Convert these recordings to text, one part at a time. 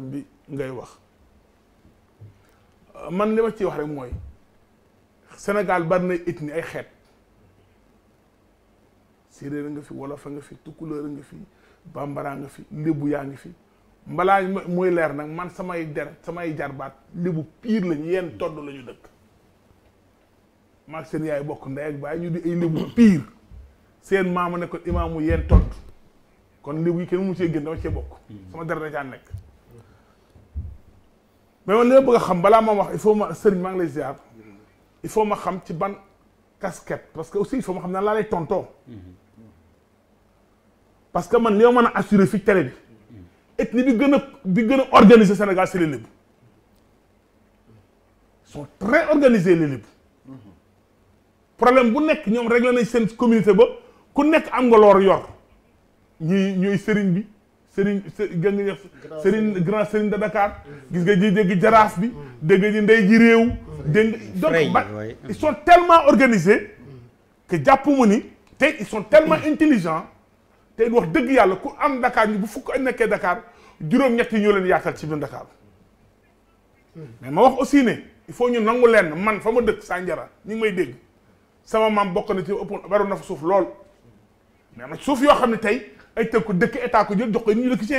bi ngay wax man li ma ci wax rek mooy senegal bari na ethnie ay xeet séeréer nga fi wolof nga fi tukulóor nga fi bambara nga fi lébu yaa ngi fi mbalaa muy leer nag man samay der samay jarbaat lébu piir lañu yenn todd lañu dëkk maag seen yaay bokk ndey ak baay ñu di ay lébu piir seen maama ne ko imaamu yenn todd kon lébu yi kenn mu cee gën dama cee bokk hmm. sama der da caa nekk mais man li ma bëgg a xam balaa ma wax il faut ma sëriñ maa ngi lay ziar il faut ma xam ci ban casquette parce que aussi il faut ma xam nan laa lay tontoo parce que man li ma mën a assurer fii tere bi ethnie bi gën a bi gën a organiser Sénégal c'est les Lébou ils problème bu nekk ñoom réglé nañ seen communauté ba ku nekk am nga loor ñuy ñooy sëriñ bi Serigne gën nga ñëw Serigne grand Serigne de Dakar. Mm. gis nga ji dégg jaraaf bi. Mm. dégg nga ji ndey ji réew. Mm. dégg donc ils sont tellement organisé que jàpp mu ni tey ils sont tellement intelligents. tey wax dëgg yàlla ku am Dakar ñu bu fukk nekkee Dakar juróom-ñett yi ñoo leen yaatal ci biir Dakar. mais ma wax aussi ne il faut ñu nangu leen man fa ma dëkk Sandiara ñu ngi may dégg sama maam bokk na ci ëpp na fa suuf lool mais am na suuf yoo xam ne tey. ay tëkku dëkk état ko jël jox ko ñu dëkk ci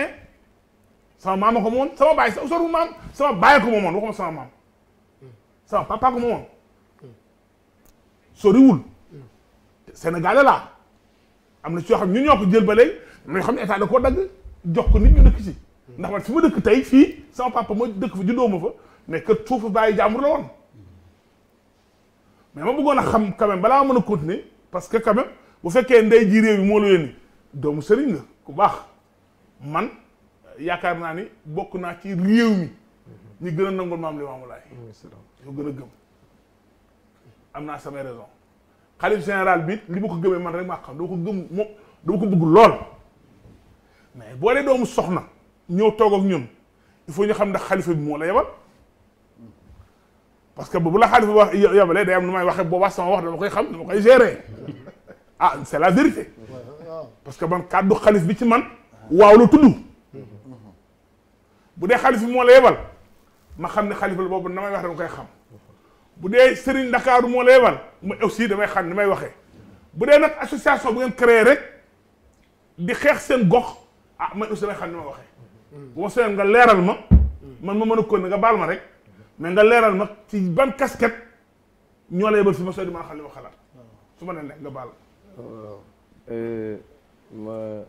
sama maama ko moomoon sama baay sa sooru maam sama baay ko moomoon waxuma sama papa ko moomoon soriwul Sénégal laa am na ci yoo xam ñun ñoo ko jël ba léegi mais xam ne état da koo dagg jox ko nit ñu dëkk ci ndax man fi ma dëkk tey fii sama papa ma dëkk fa juddoo ma fa mais que suufu bàyyi jàmbur la woon mais ma bëggoon a xam quand même balaa mën a continuer parce que quand même bu fekkee ndey ji réew bi moo doomu sëriñ la ku baax man yaakaar naa ni bokk naa ci réew mi ñi gën a nangul maam Limaamu Laay ñoo gën a gëm am naa samay raison xalif général bi li ma ko gëmee man rek maa xam dama ko gëm moom bëgg lool mais boo dee doomu soxna ñëw toog ak ñun il faut ñu xam ndax xalifa bi moo la yebal parce que bu la xalifa wax yebalee day am nu may waxee boobaa sama wax dama koy xam dama koy gérer ah c'est la vérité parce que man kàddu xaalis bi ci man waaw la tudd bu dee xaalis bi moo la yebal ma xam ne xaalis la boobu na may wax xam bu dee Serigne Ndakaaru moo la yebal ma aussi damay xam ni may waxee bu dee nag association bu ngeen créer rek di xeex seen gox ah man aussi damay xam ni ma waxee bu ma seen nga leeral ma man ma mën a kon nga baal ma rek mais nga leeral ma ci ban casquette ñoo la yebal fi ma soo di mën a xam li ma xalaat su ma nee nekk nga baal ma